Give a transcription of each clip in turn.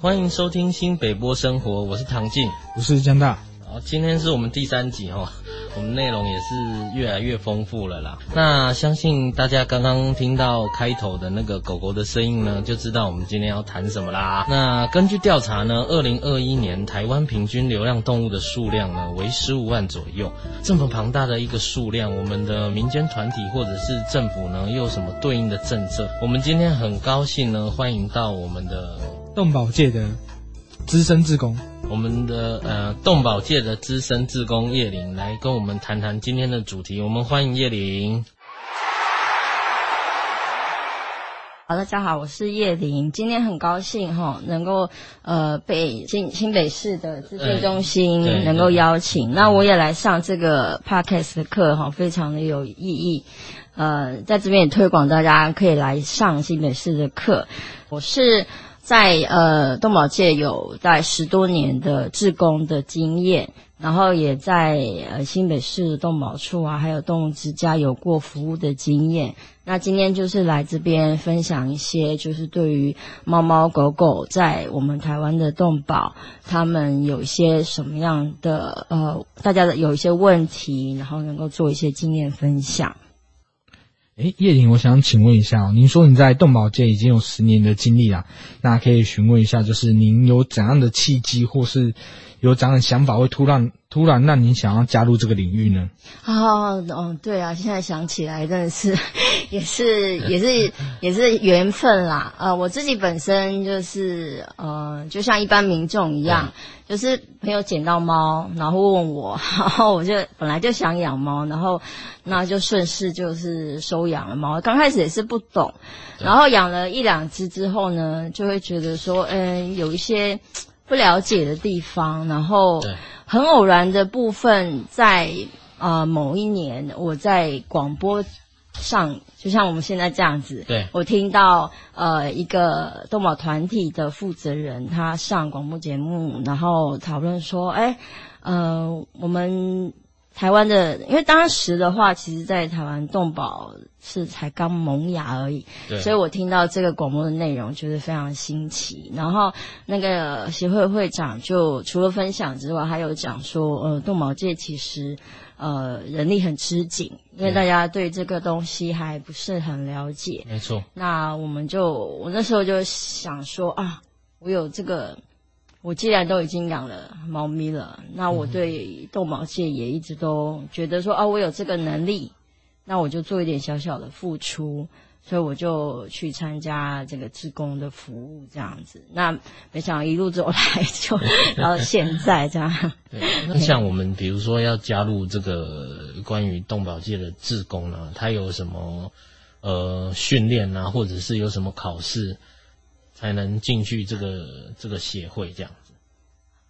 歡迎收聽新北波生活，我是唐靜，我是江大。好，今天是我們第三集哈、哦，我們內容也是越來越豐富了啦。那相信大家剛剛聽到開頭的那個狗狗的聲音呢，就知道我們今天要談什麼啦。那根據調查呢，二零二一年台灣平均流浪動物的數量呢為十五萬左右。這麼龐大的一個數量，我們的民間團體或者是政府呢又有什麼對應的政策？我們今天很高興呢，歡迎到我們的。動保界的資深志工，我們的呃動保界的資深志工葉翎來跟我們談談今天的主題。我們歡迎葉翎。好，大家好，我是葉翎，今天很高興哈、哦，能夠呃被新新北市的資訊中心能夠邀請，哎，那我也來上這個 Podcast 的課哈、哦，非常的有意義。呃，在這邊也推廣大家可以來上新北市的課，我是。在呃，動保界有在十多年的志工的經驗，然後也在呃，新北市動保處啊，還有動物之家有過服務的經驗。那今天就是來這邊分享一些，就是對於貓貓狗狗在我們台灣的動保，他們有一些什麼樣的呃，大家的有一些問題，然後能夠做一些經驗分享。哎、欸，葉翎，我想請問一下，哦，您說你在動保界已經有十年的經歷了，那可以詢問一下，就是您有怎樣的契機，或是有怎樣的想法，會突然？突然，那你想要加入這個領域呢？啊、哦，嗯、哦，對啊，現在想起來真的是，也是，也是，也是緣分啦。呃，我自己本身就是，呃，就像一般民眾一樣，就是朋友撿到貓，然後問我，然後我就本來就想養貓，然後那就順勢就是收養了貓。剛開始也是不懂，然後養了一兩隻之後呢，就會覺得說，嗯，有一些。不了解的地方，然後很偶然的部分在，在呃某一年，我在廣播上，就像我們現在這樣子，對，我聽到呃一個動保團體的負責人，他上廣播節目，然後討論說，誒，呃，我們。台灣的，因為當時的話，其實在台灣動保是才剛萌芽而已，對。所以我聽到這個廣播的內容，就是非常新奇。然後那個協會會長就除了分享之外，還有講說，呃，動保界其實，呃，人力很吃緊，因為大家對這個東西還不是很了解。沒錯，嗯。那我們就，我那時候就想說啊，我有這個。我既然都已經養了貓咪了，那我對動保界也一直都覺得說，哦、啊，我有這個能力，那我就做一點小小的付出，所以我就去參加這個志工的服務這樣子。那沒想到一路走來就，就到現在這樣。對。 那像我們比如說要加入這個關於動保界的志工呢，他有什麼呃訓練啊，或者是有什麼考試？才能進去這個這個協會這樣子。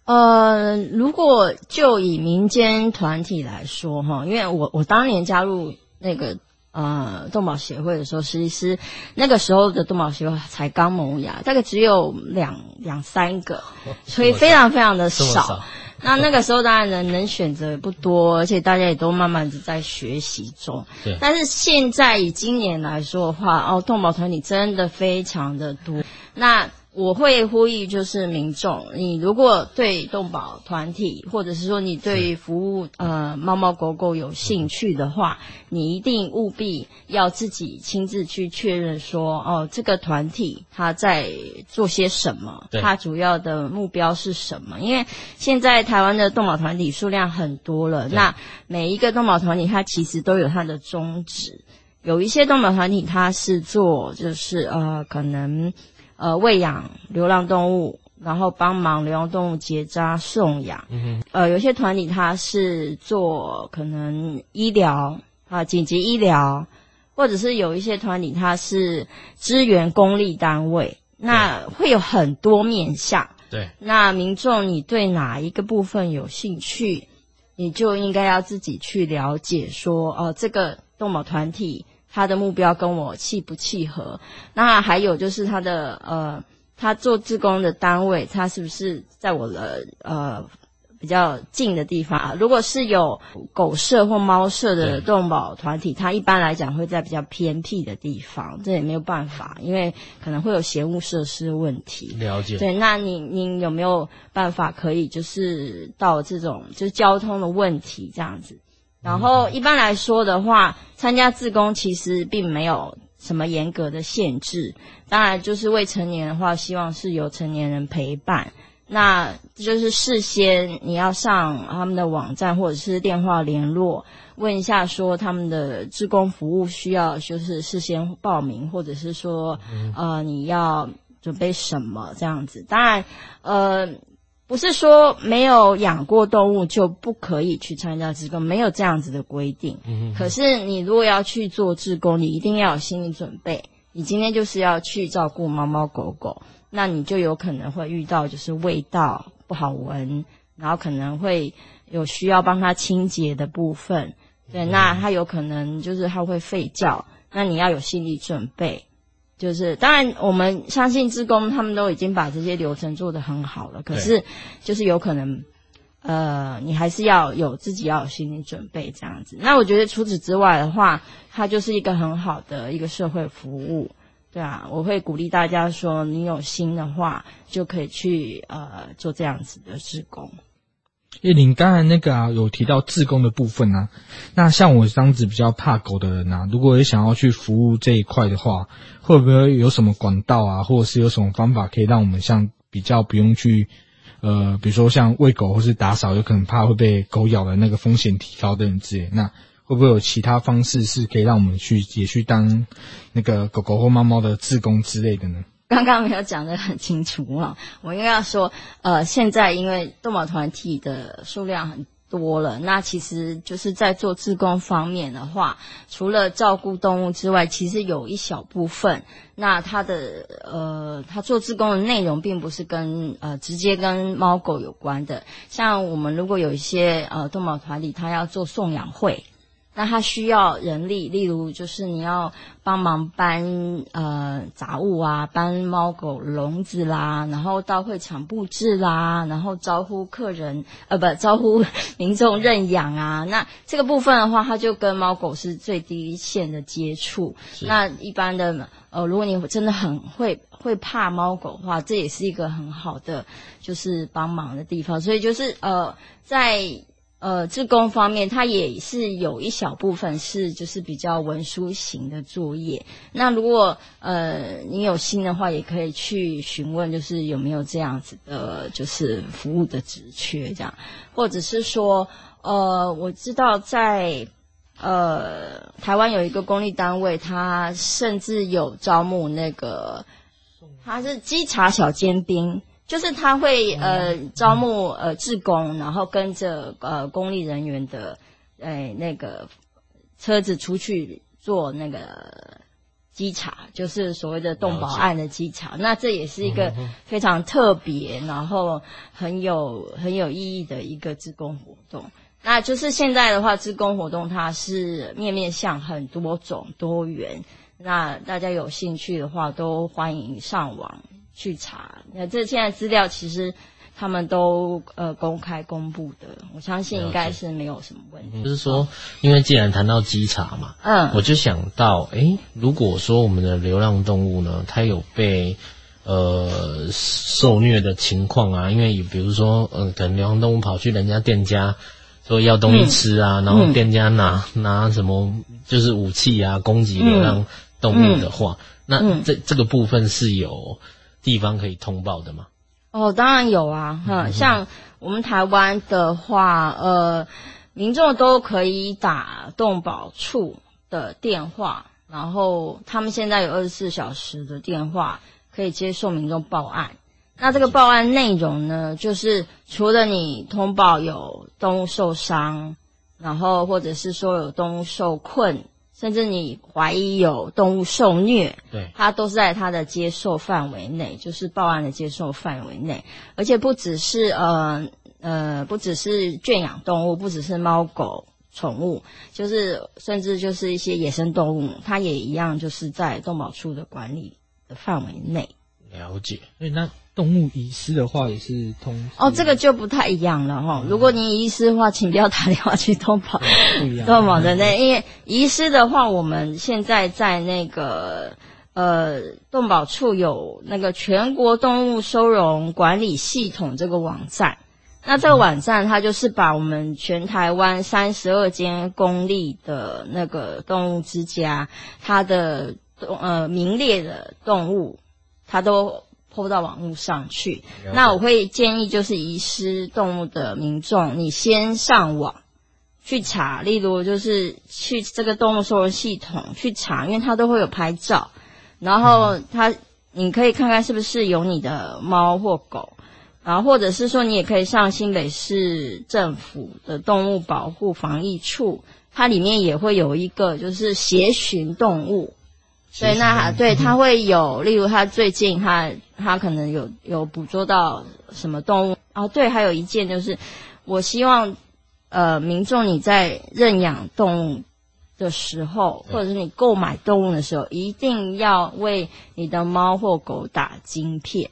呃，如果就以民間團體來說哈，因為我我當年加入那個呃動保協會的時候，實際是那個時候的動保協會才剛萌芽，大概只有兩兩三個，哦，所以非常非常的少。那那個時候當然能能選擇也不多，而且大家也都慢慢的在學習中。對，但是現在以今年來說的話，哦，動保團體真的非常的多。那我會呼籲就是民眾，你如果對動保團體，或者是說你對服務呃貓貓狗狗有興趣的話，你一定務必要自己親自去確認說，哦，這個團體它在做些什麼，它主要的目標是什麼？因為現在台灣的動保團體數量很多了，那每一個動保團體它其實都有它的宗旨，有一些動保團體它是做就是呃可能。呃，餵養流浪動物，然後幫忙流浪動物結紮、送養。嗯哼，呃，有些團體他是做可能醫療啊、呃，緊急醫療，或者是有一些團體他是支援公立單位，那會有很多面向。對，那民眾你對哪一個部分有興趣，你就應該要自己去了解說，哦、呃，這個動物團體。他的目標跟我契不契合？那還有就是他的呃，他做志工的單位，他是不是在我的呃比較近的地方啊？如果是有狗舍或貓舍的動保團體，他一般來講會在比較偏僻的地方，這也沒有辦法，因為可能會有嫌惡設施問題。了解。對，那你您有沒有辦法可以就是到這種就是交通的問題這樣子？然後一般來說的話，參加志工其實並沒有什麼嚴格的限制。當然，就是未成年的話，希望是由成年人陪伴。那就是事先你要上他們的網站或者是電話聯絡，問一下說他們的志工服務需要就是事先報名，或者是說，呃，你要準備什麼這樣子。當然，呃。不是說沒有養過動物就不可以去參加志工，沒有這樣子的規定。可是你如果要去做志工，你一定要有心理準備。你今天就是要去照顧貓貓狗狗，那你就有可能會遇到就是味道不好聞，然後可能會有需要幫它清潔的部分。對，那它有可能就是它會吠叫，那你要有心理準備。就是，當然，我們相信志工他們都已經把這些流程做得很好了。可是，就是有可能，呃，你還是要有自己要有心理準備這樣子。那我覺得除此之外的話，它就是一個很好的一個社會服務，對啊。我會鼓勵大家說，你有心的話，就可以去呃做這樣子的志工。葉翎，剛才那個、啊、有提到志工的部分啊，那像我這樣子比較怕狗的人啊，如果有想要去服務這一塊的話，會不會有什麼管道啊，或者是有什麼方法可以讓我們像比較不用去，呃，比如說像餵狗或是打掃，有可能怕會被狗咬的那個風險提高的人之類，那會不會有其他方式是可以讓我們去也去當那個狗狗或貓貓的志工之類的呢？剛剛沒有講得很清楚啊，我應該要說，呃，現在因為動保團體的數量很多了，那其實就是在做志工方面的話，除了照顧動物之外，其實有一小部分，那他的呃，他做志工的內容並不是跟呃直接跟貓狗有關的，像我們如果有一些呃動保團體，他要做送養會。那它需要人力，例如就是你要幫忙搬呃雜物啊，搬貓狗籠子啦，然後到會場布置啦，然後招呼客人，呃不招呼民眾認養啊。那這個部分的話，它就跟貓狗是最低限的接觸。那一般的呃，如果你真的很會會怕貓狗的話，這也是一個很好的就是幫忙的地方。所以就是呃在。呃，志工方面，它也是有一小部分是就是比較文書型的作業。那如果呃你有心的話，也可以去詢問，就是有沒有這樣子的，就是服務的職缺這樣。或者是說，呃，我知道在呃台灣有一個公立單位，它甚至有招募那個，它是稽查小尖兵。就是他會呃招募，呃志工，然後跟着呃公立人員的哎、呃、那個車子出去做那個稽查，就是所謂的動保案的稽查。那這也是一個非常特別，然後很有很有意義的一個志工活動。那就是現在的話，志工活動它是面面向很多種多元，那大家有興趣的話都歡迎上網。去查。那這現在資料其實他們都呃公開公布的，我相信應該是沒有什麼問題。嗯、就是說，因為既然談到稽查嘛，嗯，我就想到，誒，如果說我們的流浪動物呢，它有被呃受虐的情況啊，因為比如說，嗯、呃，可能流浪動物跑去人家店家說要東西吃啊，嗯、然後店家拿、嗯、拿什麼就是武器啊攻擊流浪動物的話，嗯嗯、那這這個部分是有地方可以通報的嗎？哦，當然有啊，嗯，像我們台灣的話，呃，民眾都可以打動保處的電話，然後他們現在有二十四小時的電話可以接受民眾報案。那這個報案內容呢，就是除了你通報有動物受傷，然後或者是說有動物受困。甚至你懷疑有動物受虐，對，它都是在它的接受範圍內，就是報案的接受範圍內。而且不只是呃、呃，不只是圈養動物，不只是貓狗寵物，就是甚至就是一些野生動物，它也一樣，就是在動保處的管理的範圍內。了解，所以那。動物遺失的話也是通哦，這個就不太一樣了哈。如果您遺失的話，請不要打電話去通報，通報的那，因為遺失的話，我們現在在那個呃動保處有那個全國動物收容管理系統這個網站，那這個網站它就是把我們全台灣三十二間公立的那個動物之家，它的動呃名列的動物，它都。PO 到網絡上去，那我會建議就是遺失動物的民眾，你先上網去查，例如就是去這個動物收容系統去查，因為它都會有拍照，然後它，你可以看看是不是有你的貓或狗，然後或者是說你也可以上新北市政府的動物保護防疫處，它裡面也會有一個就是協尋動物。所以那他對它會有，例如它最近它它可能有有捕捉到什麼動物啊，哦，對，還有一件就是，我希望，呃，民眾你在認養動物的時候，或者是你購買動物的時候，一定要為你的貓或狗打晶片，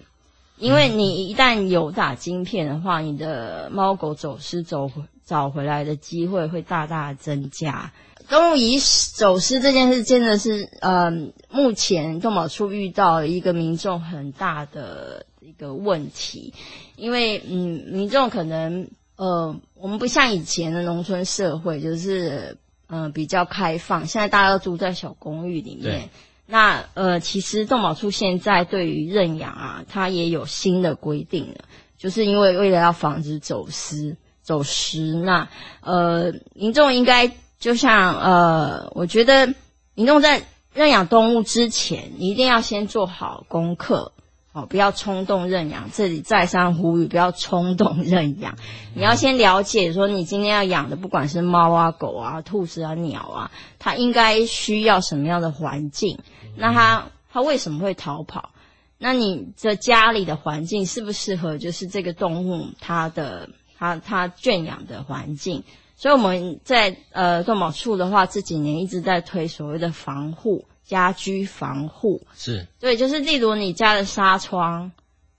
因為你一旦有打晶片的話，你的貓狗走失走找回來的機會會大大的增加。動物遺走失這件事真的是，呃，目前動保處遇到一個民眾很大的一個問題，因為，嗯，民眾可能，呃，我們不像以前的農村社會，就是，嗯、呃，比較開放，現在大家都住在小公寓裡面。對。那，呃，其實動保處現在對於認養啊，它也有新的規定了，就是因為為了要防止走失走失，那，呃，民眾應該。就像呃，我覺得你弄在認養動物之前，你一定要先做好功課，好、哦，不要衝動認養。這裡再三呼籲，不要衝動認養。你要先了解，說你今天要養的，不管是貓啊、狗啊、兔子啊、鳥啊，它應該需要什麼樣的環境？那它它為什麼會逃跑？那你的家裡的環境適不適合？就是這個動物它的，它的它它圈養的環境。所以我們在呃動保處的話，這幾年一直在推所謂的防護家居防護，是對，就是例如你家的紗窗，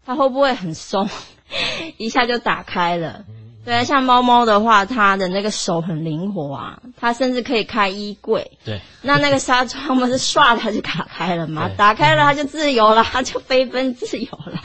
它會不會很鬆，一下就打開了？對啊，像貓貓的話，它的那個手很靈活啊，它甚至可以開衣櫃。對，那那個紗窗不 是唰它就打開了嗎？打開了它就自由了，它就飛奔自由了。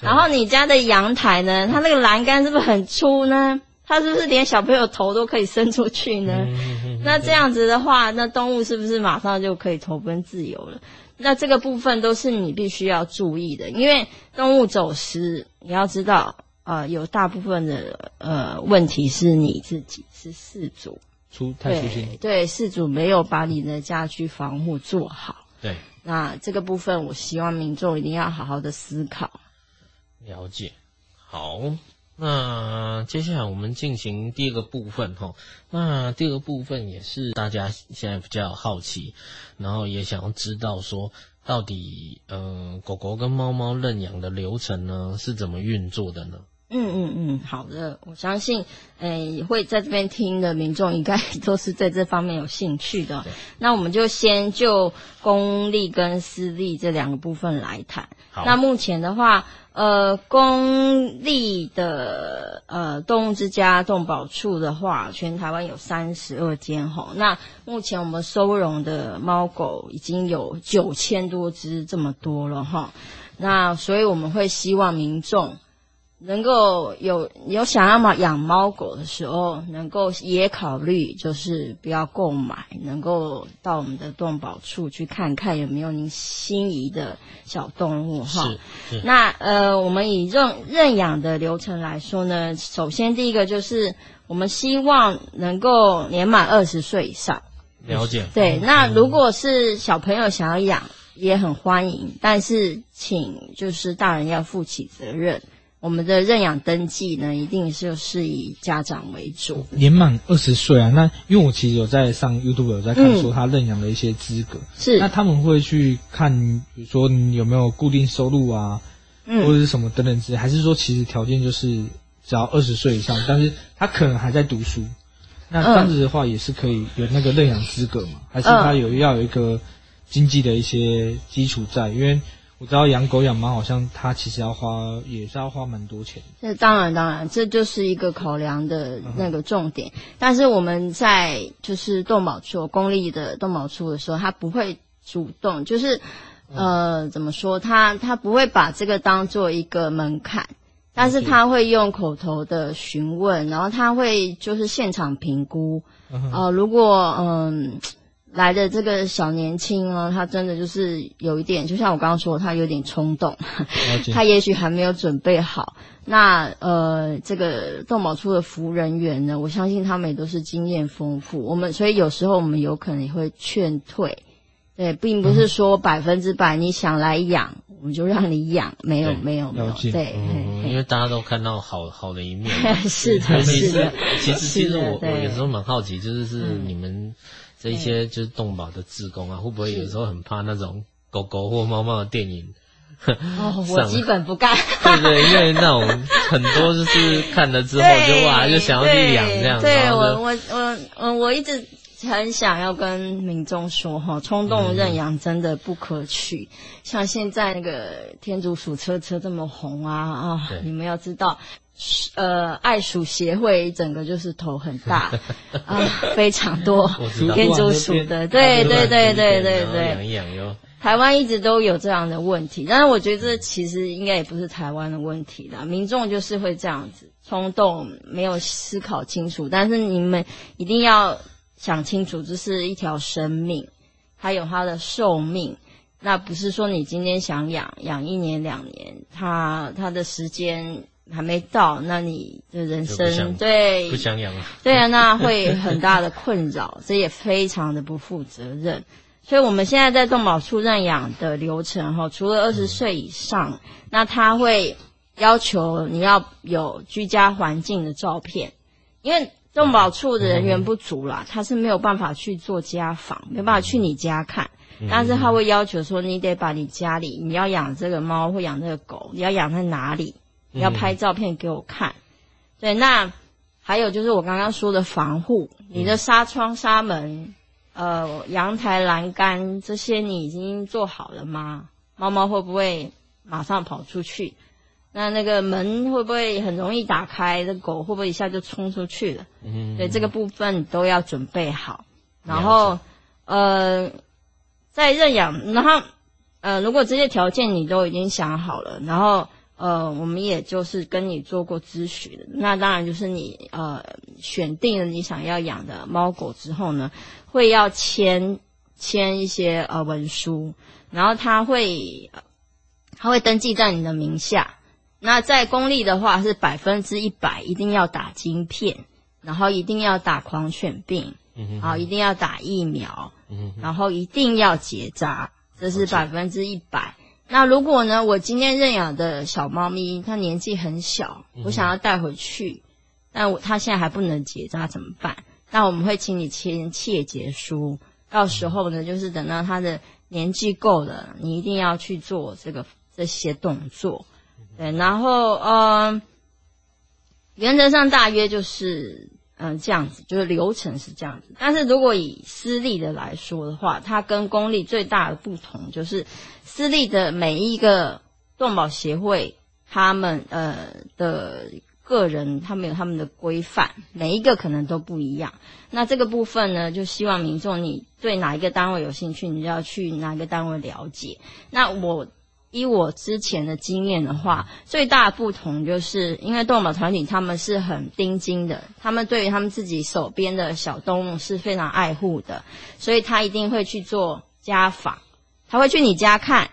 然後你家的陽台呢，它那個欄杆是不是很粗呢？他是不是連小朋友頭都可以伸出去呢、嗯嗯嗯嗯？那這樣子的話，那動物是不是馬上就可以投奔自由了？那這個部分都是你必須要注意的，因為動物走失，你要知道啊、呃，有大部分的呃問題是你自己，是事主粗，太粗心。對，事主沒有把你的家居防護做好。對，那這個部分我希望民眾一定要好好的思考。了解，好。那接下來我們進行第二個部分，吼。那第二個部分也是大家現在比較好奇，然後也想要知道說，到底、呃、狗狗跟貓貓認養的流程呢是怎麼運作的呢？嗯嗯嗯，好的，我相信，誒、欸，會在這邊聽的民眾應該都是在這方面有興趣的。那我們就先就公立跟私立這兩個部分來談。那目前的話，呃，公立的呃動物之家動保處的話，全台灣有三十二間吼、哦，那目前我們收容的貓狗已經有九千多隻這麼多了哈、哦。那所以我們會希望民眾。能夠有有想要嘛養貓狗的時候，能夠也考慮就是不要購買，能夠到我們的動保處去看看有沒有您心儀的小動物哈。是，那呃，我們以認認養的流程來說呢，首先第一個就是我們希望能夠年滿二十歲以上。了解。就是、對、哦，那如果是小朋友想要養，也很歡迎，但是請就是大人要負起責任。我們的認養登記呢，一定就是以家長為主。年滿二十歲啊，那因為我其實有在上 YouTube 有在看，說他認養的一些資格是，嗯、那他們會去看，比如說你有沒有固定收入啊，嗯、或者是什麼等等之類，還是說其實條件就是只要二十歲以上，但是他可能還在讀書，那這樣子的話也是可以有那個認養資格嘛？還是他有、嗯、要有一個經濟的一些基礎在？因為我知道養狗養貓好像它其實要花也是要花蠻多錢。那當然當然，這就是一個考量的那個重點。嗯、但是我們在就是動保處，公立的動保處的時候，他不會主動，就是，呃，嗯、怎麼說？他他不會把這個當做一個門檻，但是他會用口頭的詢問，然後他會就是現場評估。哦、嗯呃，如果嗯。呃來的這個小年輕呢，他真的就是有一點，就像我剛剛說，他有點衝動， 他也許還沒有準備好。那呃，這個動保處的服務人員呢，我相信他們也都是經驗豐富。我們所以有時候我們有可能也會勸退，對，並不是說百分之百你想來養我們就讓你養，沒有沒有沒有，沒有對、嗯嗯，因為大家都看到好好的一面 是的，是的，是的。其實其實我我有時候蠻好奇，就是是你們。這一些就是動保的志工啊、嗯，會不會有時候很怕那種狗狗或貓貓的電影？哦， 我基本不看，對不對？因為那種很多就是看了之後就哇，就想要去養這樣。對，對我，我，我，嗯，我一直很想要跟民眾說哈，衝動認養真的不可取，嗯。像現在那個天竺鼠車車這麼紅啊啊、哦！你們要知道。呃，愛鼠協會整個就是頭很大啊、 呃，非常多天竺鼠的。對對對對對對，養一養喲。台灣一直都有這樣的問題，但是我覺得這其實應該也不是台灣的問題啦。民眾就是會這樣子衝動，沒有思考清楚。但是你們一定要想清楚，這是一條生命，它有它的壽命。那不是說你今天想養養一年兩年，它它的時間。還沒到，那你的人生對不想養了，對啊，那會很大的困擾， 這也非常的不負責任。所以，我們現在在動保處認養的流程哈，除了二十歲以上、嗯，那他會要求你要有居家環境的照片，因為動保處的人員不足啦，嗯、他是沒有辦法去做家訪、嗯，沒辦法去你家看，但是他會要求說，你得把你家裡你要養這個貓或養那個狗，你要養在哪裡。要拍照片給我看，對，那還有就是我剛剛說的防護，你的紗窗、紗門，呃，陽台欄杆這些你已經做好了嗎？貓貓會不會馬上跑出去？那那個門會不會很容易打開？這狗會不會一下就衝出去了？嗯，對，這個部分都要準備好。然後，呃，在認養，然後，呃，如果這些條件你都已經想好了，然後。呃，我們也就是跟你做過諮詢的，那當然就是你呃選定了你想要養的貓狗之後呢，會要簽簽一些呃文書，然後他會他會登記在你的名下。那在公立的話是百分之一百一定要打晶片，然後一定要打狂犬病，啊，一定要打疫苗，然後一定要結紮，這是百分之一百。那如果呢？我今天認養的小貓咪，它年紀很小，我想要帶回去，那它現在還不能結扎怎麼辦？那我們會請你簽切結書，到時候呢，就是等到它的年紀夠了，你一定要去做這個這些動作。對，然後呃，原則上大約就是。嗯，這樣子就是流程是這樣子。但是如果以私立的來說的話，它跟公立最大的不同就是，私立的每一個動保協會，他們呃的個人，他們有他們的規範，每一個可能都不一樣。那這個部分呢，就希望民眾你對哪一個單位有興趣，你就要去哪一個單位了解。那我。依我之前的經驗的話，最大的不同就是，因為動物保護團體他們是很盯緊的，他們對於他們自己手邊的小動物是非常愛護的，所以他一定會去做家訪，他會去你家看，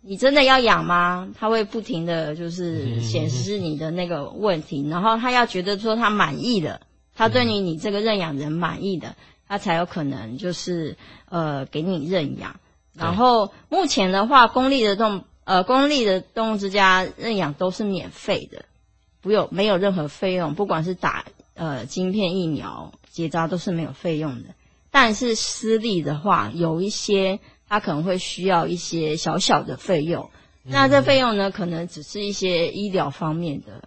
你真的要養嗎？他會不停的就是顯示你的那個問題，然後他要覺得說他滿意的，他對你你這個認養人滿意的，他才有可能就是呃給你認養。然後目前的話，公立的動物呃，公立的動物之家認養都是免費的，不有沒有任何費用，不管是打呃晶片、疫苗、結扎，都是沒有費用的。但是私立的話，有一些它可能會需要一些小小的費用。那這費用呢，可能只是一些醫療方面的。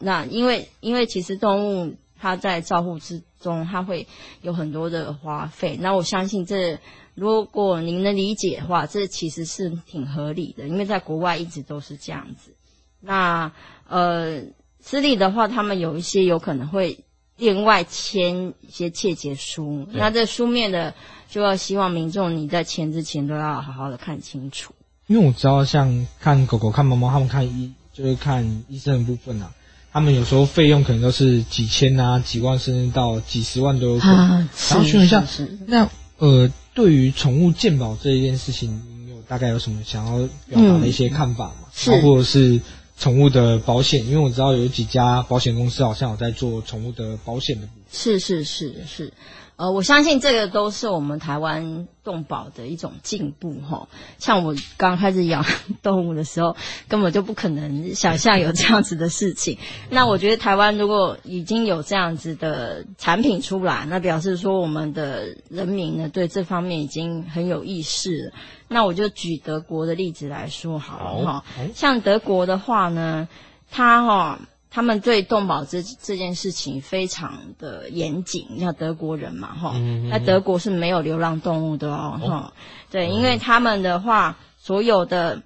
那因為因為其實動物它在照護之中，它會有很多的花費。那我相信這。如果您能理解的話，這其實是挺合理的，因為在國外一直都是這樣子。那呃，私立的話，他們有一些有可能會另外簽一些切結書，那這書面的就要希望民眾你在簽之前都要好好的看清楚。因為我知道，像看狗狗、看貓貓，他們看醫就是看醫生的部分啊，他們有時候費用可能都是幾千啊、幾萬，甚至到幾十萬都有可能。然後像是是那呃。對於寵物健保這一件事情，你有大概有什麼想要表達的一些看法嗎？嗯、是包括是寵物的保險，因為我知道有幾家保險公司好像有在做寵物的保險的部分。是是是是。是是呃，我相信這個都是我們台灣動保的一種進步吼、哦。像我剛開始養動物的時候，根本就不可能想象有這樣子的事情。那我覺得台灣如果已經有這樣子的產品出來，那表示說我們的人民呢對這方面已經很有意識了。那我就舉德國的例子來說好了哦。好，好。像德國的話呢，它哈、哦。他們對動保這這件事情非常的嚴謹，像德國人嘛，齁，那、mm -hmm. 德國是沒有流浪動物的哦，齁、oh.，對，因為他們的話，所有的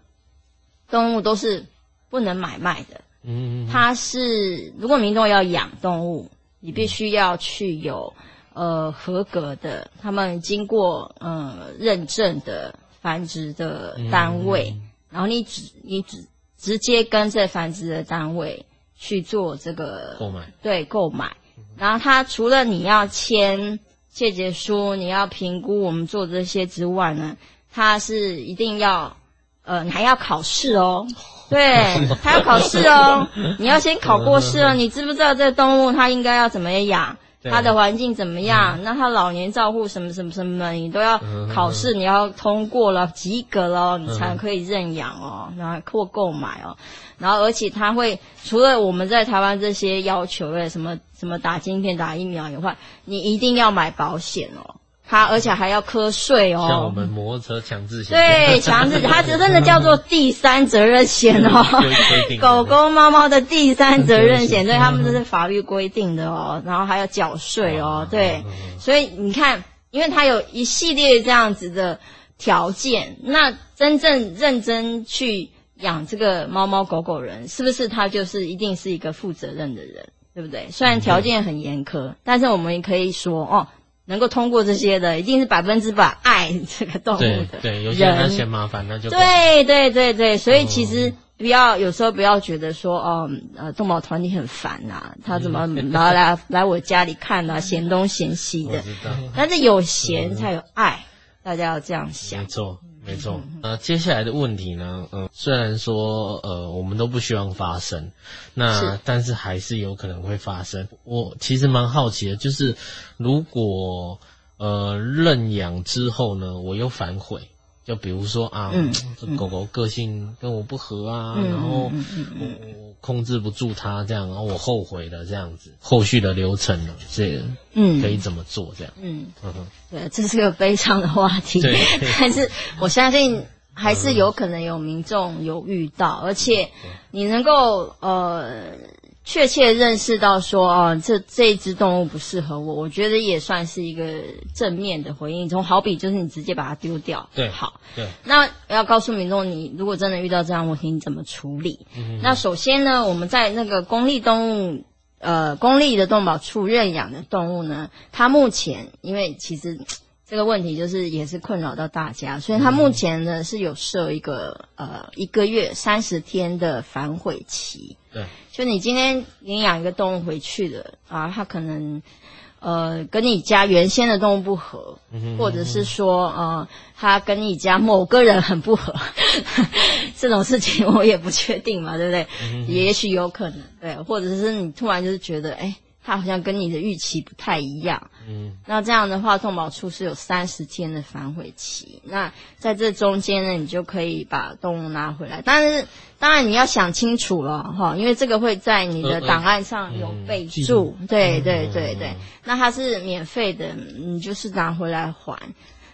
動物都是不能買賣的，嗯、mm -hmm.，它是如果民眾要養動物，你必須要去有呃合格的，他們經過呃認證的繁殖的單位，mm -hmm. 然後你只你只直接跟這繁殖的單位，去做這個購買，對，購買，然後他除了你要簽借借書，你要評估我們做這些之外呢，他是一定要，呃，你還要考試哦，對，還要考試哦，你要先考過試哦，你知不知道這動物它應該要怎麼樣養？他的環境怎麼樣？那他老年照護什麼什麼什麼，你都要考試，你要通過了，嗯、及格了，你才可以認養哦，然後或購買哦。然後而且他會除了我們在台灣這些要求的什麼什麼打晶片、打疫苗以外，你一定要買保險哦。他而且還要課稅哦，像我們摩托車強制險，對強制，它 真的叫做第三責任險哦，是是，狗狗貓貓的第三責任險，所以他們都是法律規定的哦，然後還要繳稅哦，對、啊啊啊，所以你看，因為它有一系列這樣子的條件，那真正認真去養這個貓貓狗狗人，是不是他就是一定是一個負責任的人，對不對？雖然條件很嚴苛，嗯、但是我們也可以說哦。能夠通過這些的，一定是百分之百愛這個動物的。對對，有些人嫌麻煩，那就對對對對,對。所以其實不要、哦、有時候不要覺得說哦，呃，動保團體很煩吶、啊，他怎麼來、嗯、來來我家裡看吶、啊，嫌東嫌西的。我知道。但是有嫌才有愛、嗯，大家要這樣想。沒錯。沒錯、呃，接下來的問題呢？嗯，雖然說，呃，我們都不希望發生，那是但是還是有可能會發生。我其實蠻好奇的，就是如果呃認養之後呢，我又反悔，就比如說啊，嗯嗯、這狗狗個性跟我不合啊，嗯、然後。嗯嗯嗯控制不住他這樣，然後我後悔了這樣子，後續的流程呢這，嗯，可以怎麼做這樣？嗯，嗯對，這是個悲傷的話題，但是我相信還是有可能有民眾有遇到，而且你能夠呃。確切認識到說，哦、這這這一隻動物不適合我，我覺得也算是一個正面的回應。從好比就是你直接把它丟掉，對，好，對。那要告訴民眾，你如果真的遇到這樣問題，你怎麼處理、嗯哼哼？那首先呢，我們在那個公立動物，呃，公立的動物保處認養的動物呢，它目前因為其實、呃、這個問題就是也是困擾到大家，所以它目前呢、嗯、是有設一個呃一個月三十天的反悔期。對，就你今天領養一個動物回去的啊，它可能，呃，跟你家原先的動物不合，或者是說，呃，它跟你家某個人很不合，這種事情我也不確定嘛，對不對？嗯、哼哼，也許有可能，對，或者是你突然就是覺得，哎。它好像跟你的預期不太一樣，嗯，那這樣的話，動保處是有三十天的反悔期，那在這中間呢，你就可以把動物拿回來，但是當然你要想清楚了哈，因為這個會在你的檔案上有備註，呃呃嗯、對，對對對對，那它是免費的，你就是拿回來還，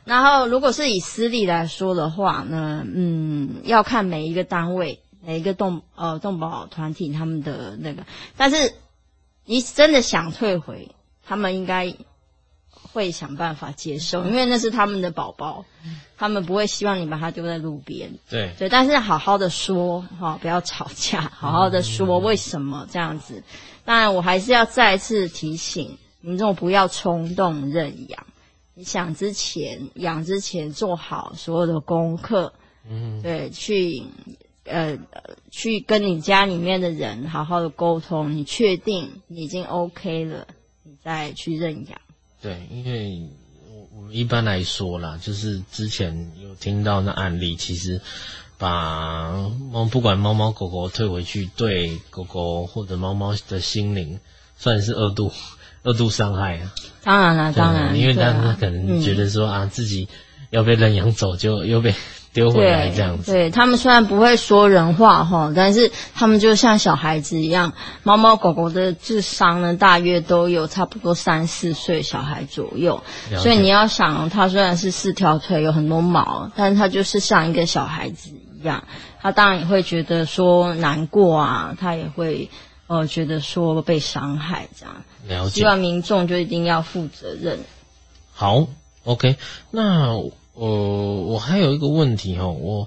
然後如果是以私立來說的話呢，嗯，要看每一個單位、每一個動呃動保團體他們的那個，但是。你真的想退回，他們應該會想辦法接受，因為那是他們的寶寶，他們不會希望你把它丟在路邊。對對，但是好好的說哈、哦，不要吵架，好好的說、嗯、為什麼這樣子。當然，我還是要再次提醒民眾不要衝動認養，你想之前養之前做好所有的功課，嗯，對，去。呃，去跟你家裡面的人好好的溝通，你確定你已經 OK 了，你再去認養。對，因為我我們一般來說啦，就是之前有聽到那案例，其實把貓不管貓貓狗狗退回去，對狗狗或者貓貓的心靈算是二度二度傷害。啊。當然啦，當然啦，因為他可能覺得說、嗯、啊，自己要被認養走，就又被。丟回來這樣子對，對他們雖然不會說人話哈，但是他們就像小孩子一樣，貓貓狗狗的智商呢，大約都有差不多三四歲小孩左右。所以你要想，它雖然是四條腿，有很多毛，但它就是像一個小孩子一樣，他當然也會覺得說難過啊，他也會呃覺得說被傷害這樣。了解，希望民眾就一定要負責任。好，OK，那。呃，我還有一個問題哦，我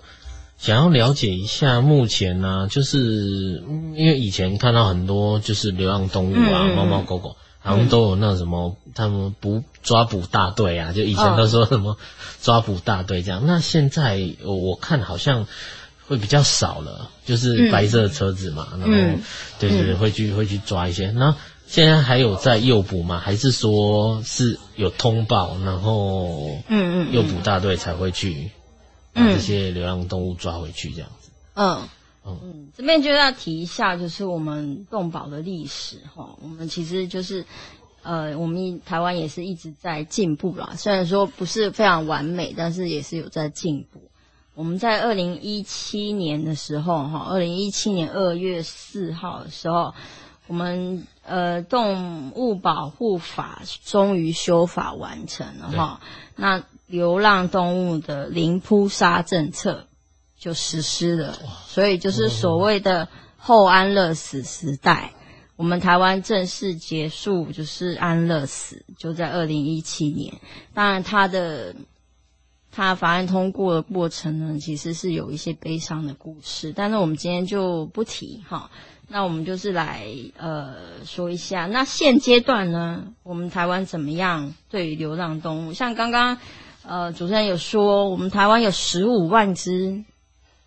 想要了解一下目前呢、啊，就是因為以前看到很多就是流浪動物啊，貓貓狗狗，好像、嗯、都有那個什麼他們捕抓捕大隊啊，就以前都說什麼抓捕大隊這樣、哦，那現在我看好像會比較少了，就是白色的車子嘛，嗯、然後、嗯、對對對，會去會去抓一些那。現在還有在誘捕嗎？還是說是有通報，然後嗯嗯誘捕大隊才會去把這些流浪動物抓回去這樣子？嗯嗯嗯，這邊就要提一下，就是我們動保的歷史哈。我們其實就是呃，我們台灣也是一直在進步啦。雖然說不是非常完美，但是也是有在進步。我們在二零一七年的時候哈，二零一七年二月四號的時候。我們呃，動物保護法終於修法完成了哈、哦，那流浪動物的零撲殺政策就實施了，所以就是所謂的後安樂死時代哦哦。我們台灣正式結束就是安樂死，就在二零一七年。當然它，它的它法案通過的過程呢，其實是有一些悲傷的故事，但是我們今天就不提哈。哦那我們就是來呃說一下，那現階段呢，我們台灣怎麼樣對於流浪動物？像剛剛，呃主持人有說，我們台灣有十五萬隻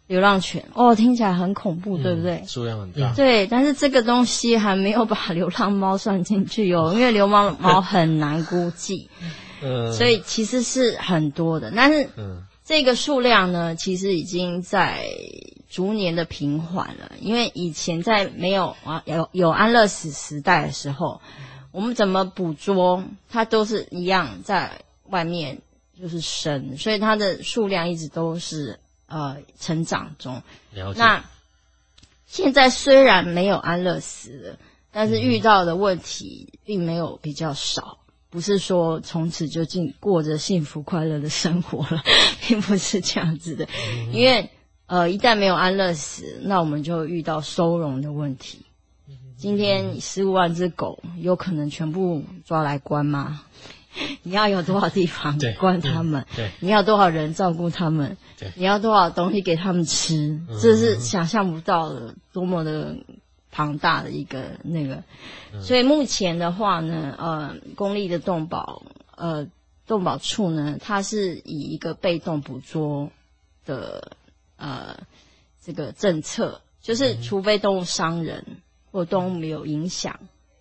流浪犬，哦聽起來很恐怖，對不對？嗯，數量很大。對，但是這個東西還沒有把流浪貓算進去哦，因為流浪貓，貓很難估計、 嗯，所以其實是很多的，但是。嗯這個數量呢，其實已經在逐年的平緩了。因為以前在沒有啊有有安樂死時代的時候，我們怎麼捕捉它都是一樣，在外面就是生，所以它的數量一直都是呃成長中。了解。那現在雖然沒有安樂死了，但是遇到的問題並沒有比較少。不是說從此就進過着幸福快樂的生活了，並不是這樣子的，因為呃，一旦沒有安樂死，那我們就遇到收容的問題。今天十五萬隻狗有可能全部抓來關嗎？你要有多少地方關他們對，嗯？對，你要多少人照顧他們？對，你要多少東西給他們吃？這是想象不到的，多麼的。龐大的一個那個，所以目前的話呢，呃，公立的動保，呃，動保處呢，它是以一個被動捕捉的，呃，這個政策，就是除非動物傷人或動物沒有影響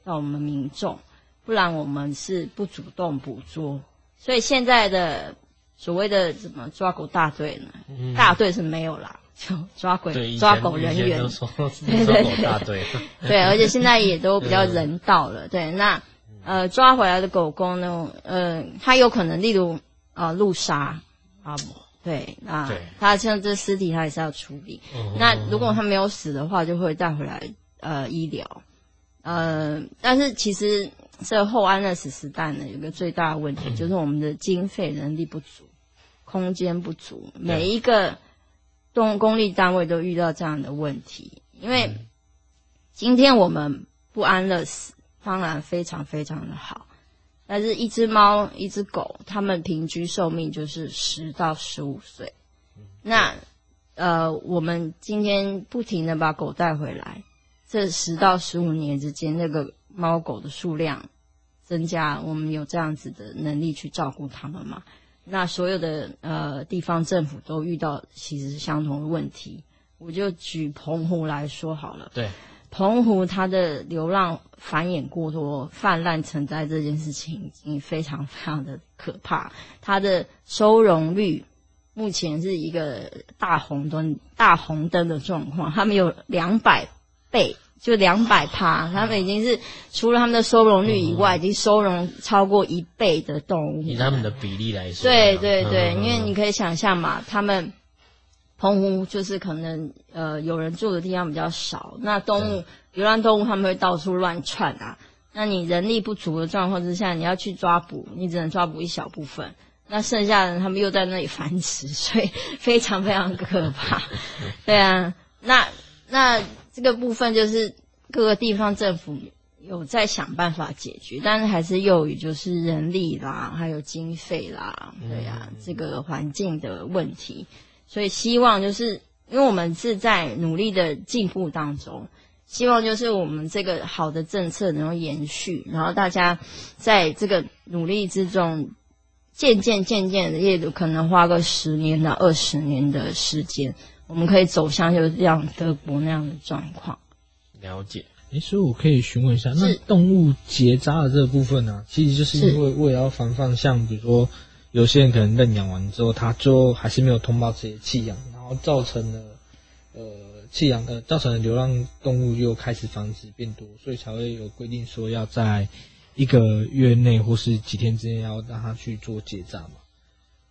到我們民眾，不然我們是不主動捕捉。所以現在的所謂的怎麼抓狗大隊呢？大隊是沒有啦。就抓鬼，抓狗人員，對對對，對，對，對，對， 對，而且現在也都比較人道了。對，那呃，抓回來的狗狗呢，呃，它有可能，例如啊，呃、路殺啊，對啊，它像這屍體，它也是要處理。哦、吼吼吼那如果它沒有死的話，就會帶回來呃醫療，呃，但是其實這後安樂死時代呢，有個最大的問題，就是我們的經費能力不足，空間不足，每一個。公公立單位都遇到這樣的問題，因為今天我們不安樂死，當然非常非常的好。但是，一只貓、一只狗，它們平均壽命就是十到十五歲。那呃，我們今天不停的把狗帶回來，這十到十五年之間，那個貓狗的數量增加，我們有這樣子的能力去照顧它們嗎？那所有的呃地方政府都遇到其實是相同的問題，我就舉澎湖來說好了。對，澎湖它的流浪繁衍過多，泛濫成災這件事情已經非常非常的可怕，它的收容率目前是一個大紅燈、大紅燈的狀況，他們有兩百倍。就兩百趴，他們已經是除了他們的收容率以外，已經收容超過一倍的動物。以他們的比例來說，對對對，因為你可以想象嘛，他們澎湖就是可能呃有人住的地方比較少，那動物流浪動物他們會到處亂竄啊。那你人力不足的狀況之下，你要去抓捕，你只能抓捕一小部分，那剩下的人他們又在那裡繁殖，所以非常非常可怕。對啊，那那。這個部分就是各個地方政府有在想辦法解決，但是還是囿於就是人力啦，還有經費啦，對啊，這個環境的問題。所以希望就是因為我們是在努力的進步當中，希望就是我們這個好的政策能夠延續，然後大家在這個努力之中，漸漸漸漸的，也就可能花個十年到二十年的時間。我們可以走向就是這樣德國那樣的狀況。了解，誒、欸、所以我可以詢問一下，那動物結紮的這個部分呢、啊？其實就是因為為了防範，像比如說有些人可能認養完之後，他就還是沒有通報自己棄養，然後造成了呃棄養，氣氧的，造成了流浪動物又開始防止變多，所以才會有規定說要在一個月內或是幾天之內要讓他去做結紮嘛。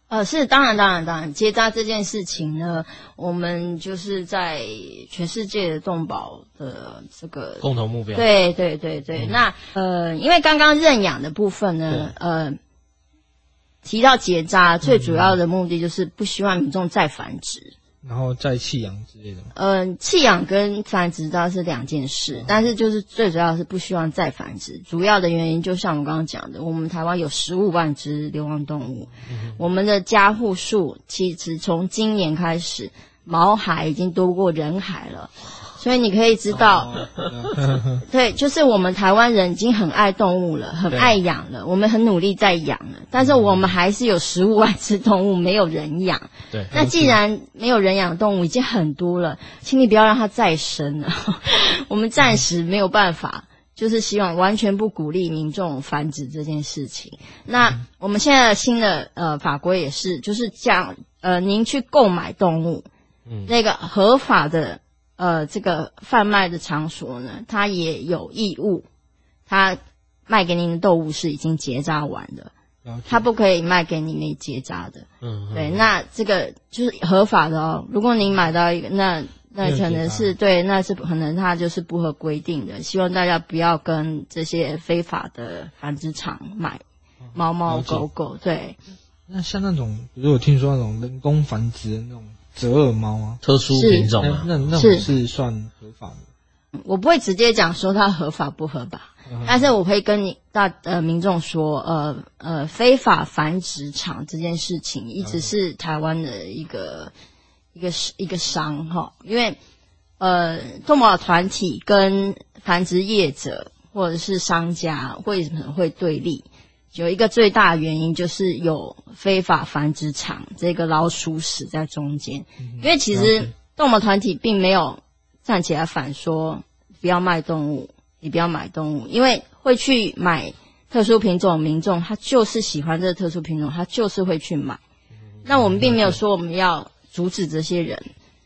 呃，是，當然，當然，當然，結扎這件事情呢，我們就是在全世界的動保的這個共同目標。對,對，對,對，對，對。那呃，因為剛剛認養的部分呢，呃，提到結扎，最主要的目的就是不希望民眾再繁殖。嗯啊然後再棄養之類的，嗯、呃，棄養跟繁殖倒是兩件事，但是就是最主要是不希望再繁殖。主要的原因就像我剛剛剛講的，我們台灣有十五萬隻流浪動物，嗯，我們的家戶數其實從今年開始，毛海已經多過人海了。所以你可以知道，對，就是我們台灣人已經很愛動物了，很愛養了，我們很努力在養了，但是我們還是有十五萬隻動物沒有人養。對，那既然沒有人養的動物已經很多了，請你不要讓它再生了。我們暫時沒有辦法，就是希望完全不鼓勵民眾繁殖這件事情。那我們現在新的呃法規也是，就是講呃您去購買動物，那個合法的。呃，這個販賣的場所呢，他也有義務，他賣給您的動物是已經結紮完的，他不可以賣給你沒結紮的。嗯，對嗯，那這個就是合法的哦。如果您買到一個，嗯，那那可能是對，那是可能它就是不合規定的。希望大家不要跟這些非法的繁殖場買貓貓狗狗。對，那像那種，比如我聽說那種人工繁殖的那種。折耳貓啊，特殊品種是、欸、那那種是算合法的。我不會直接講說它合法不合法，嗯、但是我可以跟你大呃民眾說，呃呃非法繁殖場這件事情一直是台灣的一個、嗯、一個一個，一個傷齁，因為呃動保團體跟繁殖業者或者是商家會很會對立。有一個最大的原因就是有非法繁殖場這個老鼠屎在中間，因為其實動物團體並沒有站起來反說不要賣動物，也不要買動物，因為會去買特殊品種的民眾他就是喜歡這個特殊品種，他就是會去買。那我們並沒有說我們要阻止這些人，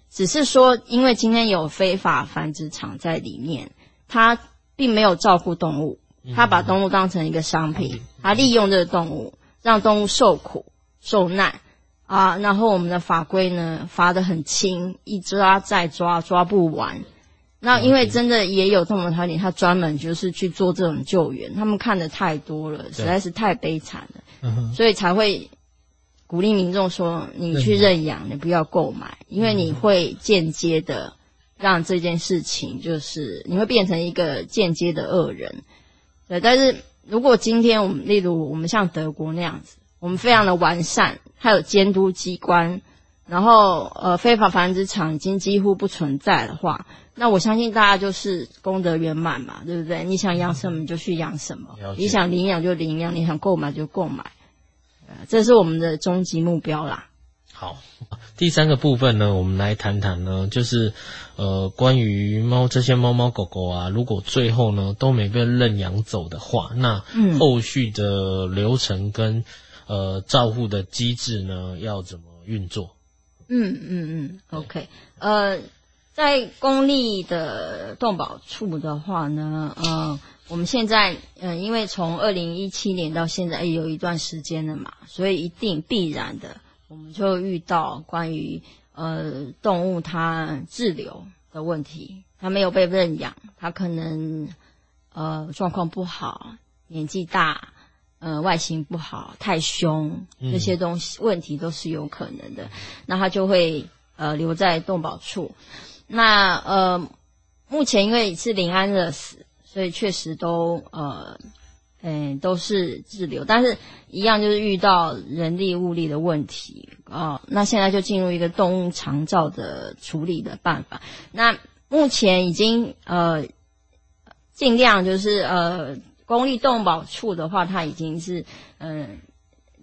只是說因為今天有非法繁殖場在裡面，他並沒有照顧動物。他把動物當成一個商品，他利用這個動物，讓動物受苦受難啊！然後我們的法規呢，罰得很輕，一抓再抓，抓不完。那因為真的也有動物團體，他專門就是去做這種救援，他們看的太多了，實在是太悲慘了，所以才會鼓勵民眾說：你去認養，你不要購買，因為你會間接的讓這件事情，就是你會變成一個間接的惡人。對，但是如果今天我們，例如我們像德國那樣子，我們非常的完善，還有監督機關，然後呃，非法繁殖場已經幾乎不存在的話，那我相信大家就是功德圓滿嘛，對不對？你想養什麼就去養什麼，你想領養就領養，你想購買就購買，這是我們的終極目標啦。好，第三個部分呢，我們來談談呢，就是呃，關於貓這些貓貓狗狗啊，如果最後呢都沒被認養走的話，那嗯，後續的流程跟呃照護的機制呢，要怎麼運作？嗯嗯嗯，OK，呃，在公立的動保處的話呢，呃，我們現在嗯，呃，因為從二零一七年到現在有一段時間了嘛，所以一定必然的。我們就遇到關於呃動物它滯留的問題，它沒有被認養，它可能呃狀況不好，年紀大，呃外形不好，太凶，這些東西問題都是有可能的，嗯、那它就會呃留在動保處。那呃目前因為是零安樂死，所以確實都呃。嗯、哎，都是滯留，但是一樣就是遇到人力物力的問題啊、哦。那現在就進入一個動物長照的處理的辦法。那目前已經呃，盡量就是呃，公立動物保處的話，它已經是嗯，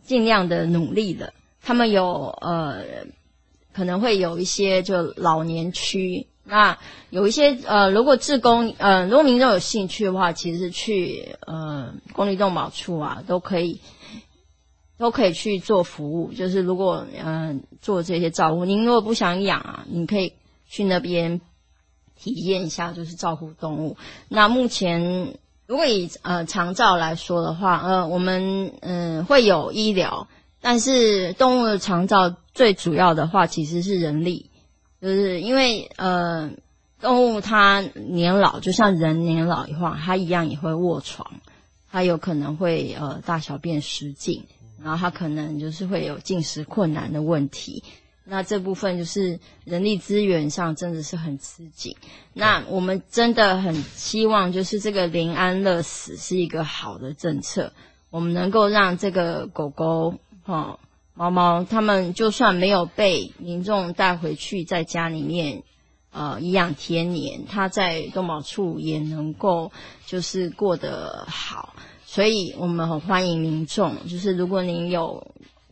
盡、呃、量的努力了。他們有呃，可能會有一些就老年區。那有一些呃，如果志工呃，如果民眾有興趣的話，其實去呃，公立動保處啊，都可以，都可以去做服務。就是如果嗯、呃，做這些照顧，您如果不想養啊，你可以去那邊體驗一下，就是照顧動物。那目前如果以呃長照來說的話，呃，我們嗯、呃，會有醫療，但是動物的長照最主要的話，其實是人力。就是因為呃，動物它年老，就像人年老一樣，它一樣也會臥床，它有可能會呃大小便失禁，然後它可能就是會有進食困難的問題。那這部分就是人力資源上真的是很吃緊。那我們真的很希望，就是這個零安樂死是一個好的政策，我們能夠讓這個狗狗啊。哦毛毛他們就算沒有被民眾帶回去，在家裡面，呃，頤養天年，他在動保處也能夠就是過得好，所以我們很歡迎民眾，就是如果您有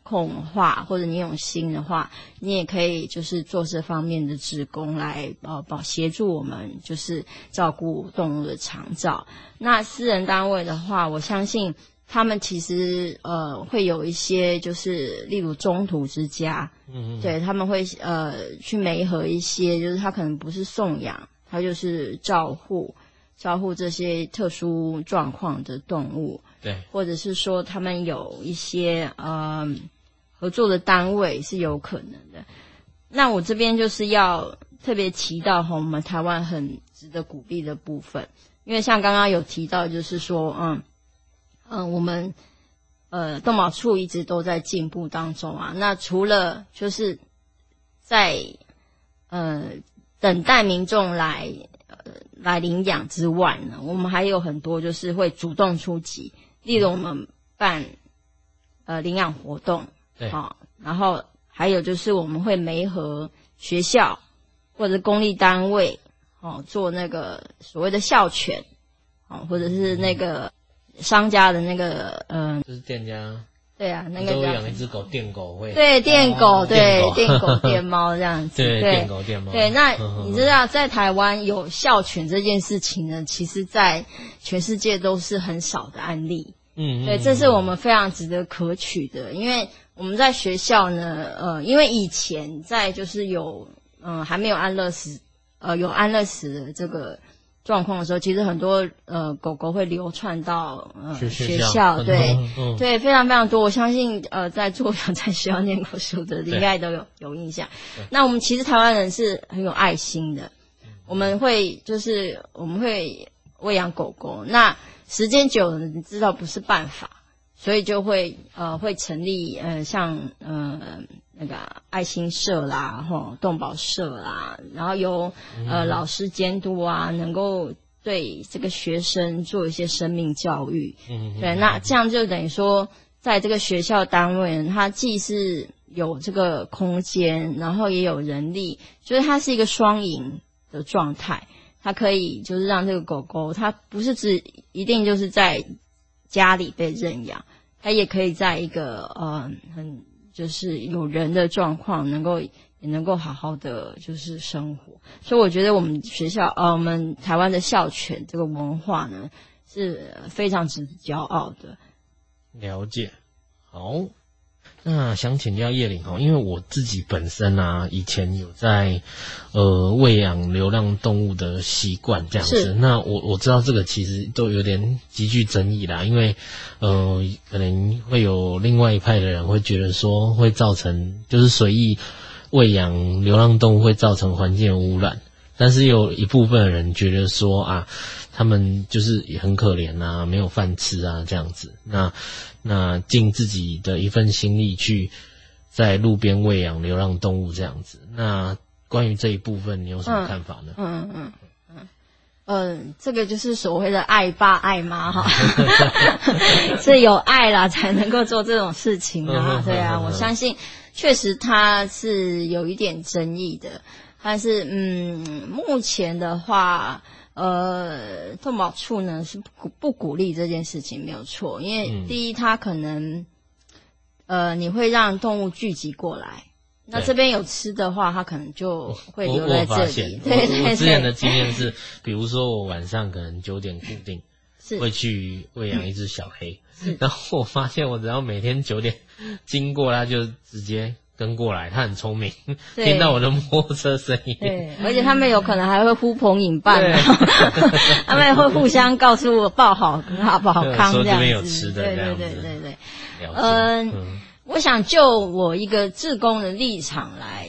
空的話或者您有心的話，你也可以就是做這方面的志工來保，呃，幫協助我們就是照顧動物的長照。那私人單位的話，我相信。他們其實呃會有一些，就是例如中途之家，嗯哼，對，他們會呃去媒合一些，就是他可能不是送養，他就是照護，照護這些特殊狀況的動物，對，或者是說他們有一些呃合作的單位是有可能的。那我這邊就是要特別提到哈，我們台灣很值得鼓勵的部分，因為像剛剛有提到，就是說嗯。嗯、呃，我們呃動保處一直都在進步當中啊。那除了就是在呃等待民眾來呃來領養之外呢，我們還有很多就是會主動出擊，例如我們辦呃領養活動，對，啊、哦，然後還有就是我們會媒合學校或者公立單位，哦，做那個所謂的校犬，哦，或者是那個。嗯商家的那個，嗯，就是店家，對啊，那個都養一隻狗，店狗會，對，店狗、哦，對，店狗店 貓，貓這樣子，對，店狗店貓對，對嗯、那、嗯、你知道、嗯、在台灣有校犬這件事情呢？其實，在全世界都是很少的案例，嗯，對，這是我們非常值得可取的，因為我們在學校呢，呃，因為以前在就是有，嗯、呃，還沒有安樂死，呃，有安樂死的這個。狀況的時候，其實很多呃狗狗會流竄到呃學，學，校學，校學校，對、嗯、對，非常非常多。我相信呃，在住校在學校念過書的應該都有有印象。那我們其實台灣人是很有愛心的，我們會就是我們會餵養狗狗，那時間久了，你知道不是辦法，所以就會呃會成立呃像嗯。呃那個、啊、愛心社啦，吼動保社啦，然後由呃老師監督啊，能夠對這個學生做一些生命教育。嗯，對，那這樣就等於說，在這個學校單位，它既是有這個空間，然後也有人力，所以它是一個雙贏的狀態。它可以就是讓這個狗狗，它不是只一定就是在家裡被認養，它也可以在一個呃很。就是有人的狀況，能夠也能夠好好的就是生活，所以我覺得我們學校，呃，我們台灣的校犬這個文化呢，是非常值得驕傲的。了解，好。那想請教葉翎哦，因為我自己本身啊，以前有在，呃，餵養流浪動物的習慣這樣子。那我我知道這個其實都有點極具爭議啦，因為，呃，可能會有另外一派的人會覺得說，會造成就是隨意餵養流浪動物會造成環境污染，但是有一部分的人覺得說啊。他們就是也很可憐吶、啊，沒有飯吃啊，這樣子。那那盡自己的一份心力去在路邊餵養流浪動物，這樣子。那關於這一部分，你有什麼看法呢？嗯嗯嗯，嗯，嗯，這個就是所謂的愛爸愛媽哈、啊， 是有愛啦才能夠做這種事情啊。嗯嗯嗯嗯、對啊，我相信確實他是有一點爭議的，但是嗯，目前的話。呃，動保處呢是不不鼓勵這件事情沒有錯，因為第一，它可能、嗯，呃，你會讓動物聚集過來，那這邊有吃的話，它可能就會留在這裡。對對對。我之前的經驗是， 比如說我晚上可能九點固定，是會去餵養一隻小黑、嗯，然後我發現我只要每天九點經過它，就直接。跟過來，他很聰明，聽到我的摩托車聲音。對，而且他們有可能還會呼朋引伴， 他們會互相告訴我報好，好不好康這樣，這，有吃的這樣子。對對對對對。呃、嗯，我想就我一個志工的立場來，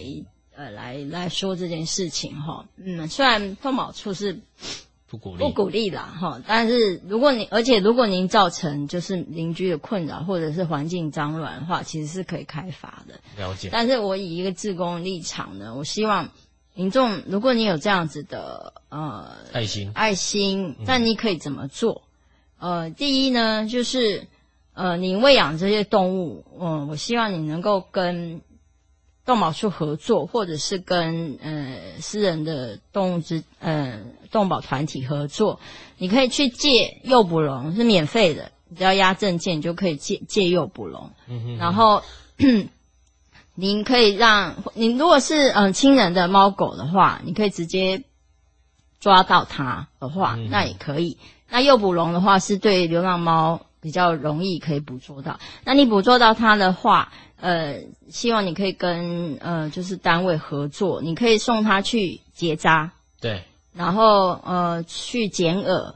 呃，來來說這件事情哈。嗯，雖然動保處是。不鼓勵啦，哈！但是如果你，而且如果您造成就是鄰居的困擾或者是環境髒亂的話，其實是可以開發的。了解。但是我以一個志工立場呢，我希望民眾，如果你有這樣子的呃愛心，愛心，那你可以怎麼做、嗯？呃，第一呢，就是呃，你餵養這些動物，嗯、呃，我希望你能夠跟。動保處合作，或者是跟呃私人的動物之呃動保團體合作，你可以去借誘捕籠，是免費的，只要押證件你就可以借借誘捕籠、嗯。然後，您可以讓你如果是嗯、呃、親人的貓狗的話，你可以直接抓到它的話、嗯，那也可以。那誘捕籠的話是對流浪貓比較容易可以捕捉到。那你捕捉到它的話。呃，希望你可以跟呃，就是單位合作，你可以送他去結紮，對，然後呃，去剪耳，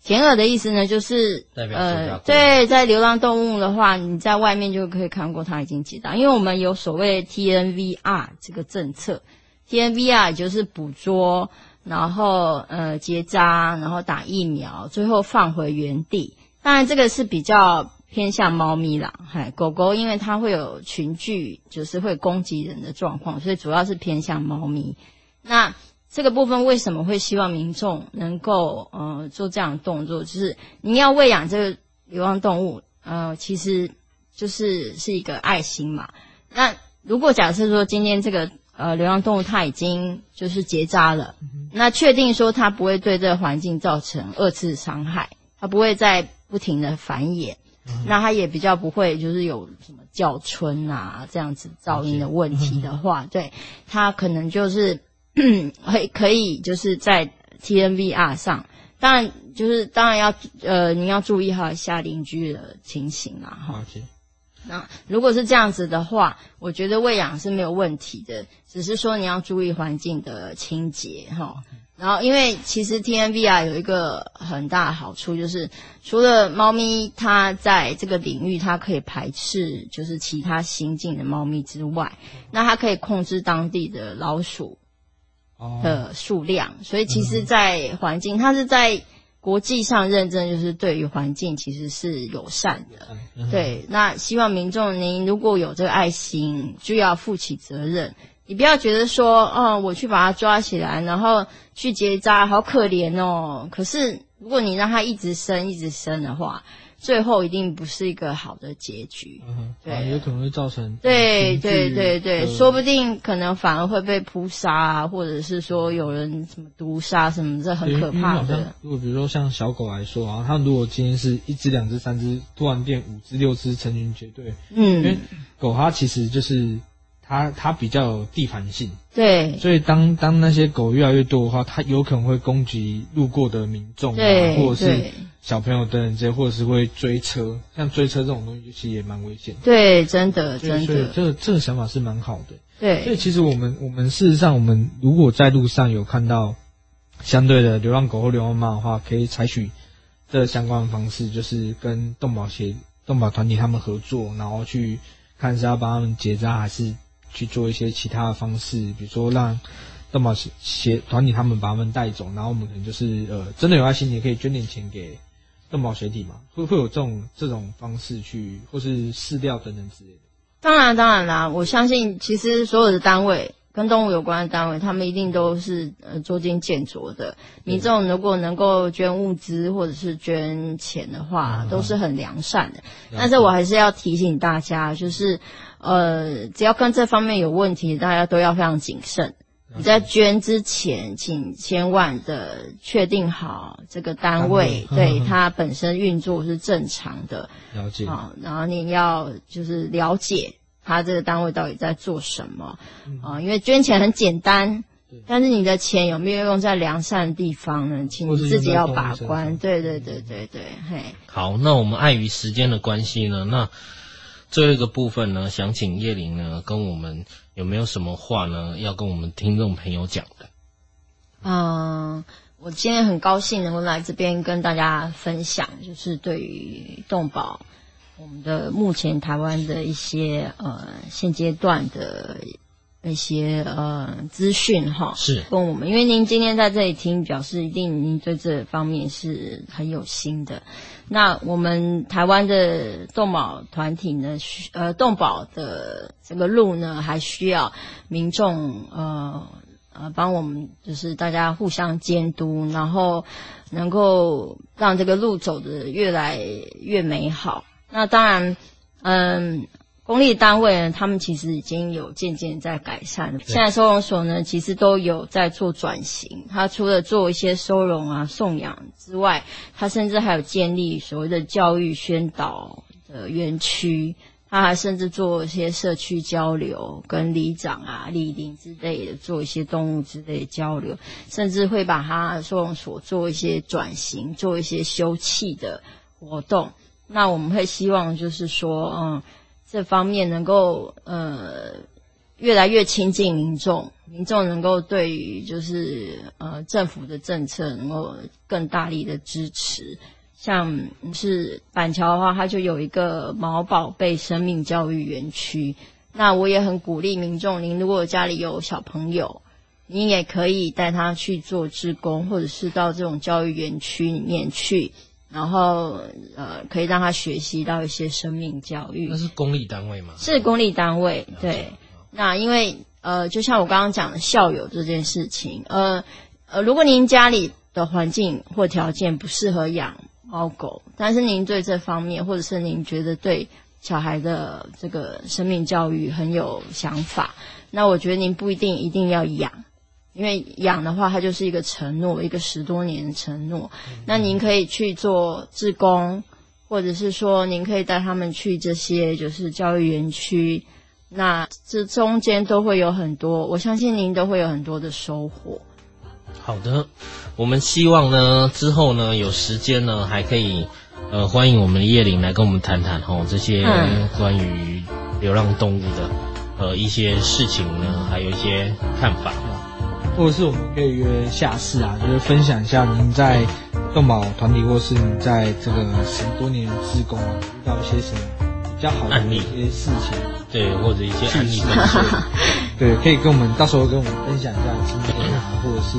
剪耳的意思呢，就是代表呃，對，在流浪動物的話，你在外面就可以看過它已經結紮，因為我們有所謂 TNVR 這個政策，TNVR 也就是捕捉，然後呃，結紮，然後打疫苗，最後放回原地。當然，這個是比較。偏向貓咪啦，嗨，狗狗因為它會有群聚，就是會攻擊人的狀況，所以主要是偏向貓咪。那這個部分為什麼會希望民眾能夠呃做這樣的動作？就是你要餵養這個流浪動物，呃，其實就是是一個愛心嘛。那如果假設說今天這個呃流浪動物它已經就是結扎了，嗯，那確定說它不會對這個環境造成二次傷害，它不會再不停的繁衍。 那它也比較不會，就是有什麼叫春啊這樣子噪音的問題的話，對它可能就是會可以就是在 T N V R 上，當然就是當然要呃你要注意哈一下鄰居的情形啦哈。那如果是這樣子的話，我覺得餵養是沒有問題的，只是說你要注意環境的清潔哈。然後，因為其實 TNR、啊、有一個很大的好處，就是除了貓咪它在這個領域它可以排斥，就是其他新進的貓咪之外，那它可以控制當地的老鼠的數量。所以，其實，在環境它是在國際上認證，就是對於環境其實是友善的。對，那希望民眾您如果有這個愛心，就要負起責任。你不要覺得說，哦、嗯，我去把它抓起來，然後去結紮，好可憐哦。可是，如果你讓它一直生，一直生的話，最後一定不是一個好的結局。對，有、啊啊、可能會造成。對對對對，對，說不定可能反而會被撲殺、啊，或者是說有人什麼毒殺什麼，這很可怕的。嗯嗯、如果比如說像小狗來說啊，它如果今天是一只、兩只、三只，突然變五只、六只，成群結隊，嗯，因為狗它其實就是。它它比較有地盤性，對，所以當當那些狗越來越多的話，它有可能會攻擊路過的民眾啊，對。或者是小朋友等等這些，或者是會追車，像追車這種東西其實也蠻危險。對，真的，對真的。所以，所以這這個想法是蠻好的。對，所以其實我們我們事實上，我們如果在路上有看到相對的流浪狗或流浪貓的話，可以採取這相關的方式，就是跟動保協動保團體他們合作，然後去看是要幫他們結紮還是。去做一些其他的方式，比如說讓動保協協團體他們把他們帶走，然後我們可能就是呃，真的有愛心也可以捐點錢給動保協會嘛，會會有這種這種方式去或是飼料等等之類的。當然啊，當然啦，啊，我相信其實所有的單位。跟動物有關的單位，他們一定都是呃捉襟見肘的。民眾如果能夠捐物資或者是捐錢的話，Uh-huh. 都是很良善的。但是我還是要提醒大家，就是呃，只要跟這方面有問題，大家都要非常謹慎。你在捐之前，請千萬的確定好這個單位，單位。對，它本身運作是正常的。了解。好，然後你要就是了解他這個單位到底在做什麼啊、嗯？因為捐錢很簡單，但是你的錢有沒有用在良善的地方呢？請你自己要把關。對對對對對、嗯，嘿。好，那我們礙於時間的關係呢，那最後一個部分呢，想請葉翎呢跟我們有沒有什麼話呢，要跟我們聽眾朋友講的？嗯，我今天很高興能夠來這邊跟大家分享，就是對於動保。我們的目前台灣的一些呃現階段的一些呃資訊哈，是跟我們，因為您今天在這裡聽，表示一定您對這方面是很有心的。那我們台灣的動保團體呢，需呃動保的這個路呢，還需要民眾呃呃幫我們，就是大家互相監督，然後能夠讓這個路走得越來越美好。那當然，嗯，公立單位呢，他們其實已經有漸漸在改善了。現在收容所呢，其實都有在做轉型。他除了做一些收容啊、送養之外，他甚至還有建立所謂的教育宣導的園區。他還甚至做一些社區交流，跟里長啊、里鄰之類的做一些動物之類的交流，甚至會把它收容所做一些轉型，做一些休憩的活動。那我們會希望就是說，嗯，這方面能夠呃，越來越親近民眾，民眾能夠對於就是呃政府的政策能夠更大力的支持。像是板橋的話，它就有一個毛寶貝生命教育園區。那我也很鼓勵民眾，您如果家裡有小朋友，您也可以帶他去做志工，或者是到這種教育園區裡面去。然後呃，可以讓他學習到一些生命教育。那是公立單位嗎？是公立單位，對。那因為呃，就像我剛剛講的校友這件事情，呃呃，如果您家裡的環境或條件不適合養貓狗，但是您對這方面，或者是您覺得對小孩的這個生命教育很有想法，那我覺得您不一定一定要養。因為養的話，它就是一個承諾，一個十多年的承諾。那您可以去做志工，或者是說，您可以帶他們去這些就是教育園區。那這中間都會有很多，我相信您都會有很多的收穫。好的，我們希望呢，之後呢有時間呢，還可以呃歡迎我們的葉翎來跟我們談談吼、哦、這些關於流浪動物的呃一些事情呢，還有一些看法。或者是我們可以約下次啊，就是分享一下您在動保團體或是您在這個十多年志工啊，遇到一些什麼比較好的一些事情，例，對，或者一些趣事，對，可以跟我們 到時候跟我們分享一下今天啊，或者是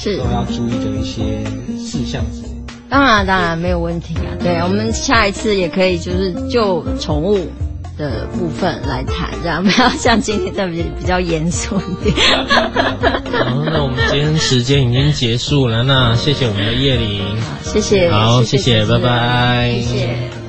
是都要注意的一些事項之類。當然當然沒有問題啊，對，我們下一次也可以就是就寵物的部分來談，然後不要像今天在比比較嚴肅一點。好，那我們今天時間已經結束了，那謝謝我們的葉翎，謝謝，好謝謝，謝謝，拜拜，謝謝。拜拜，謝謝。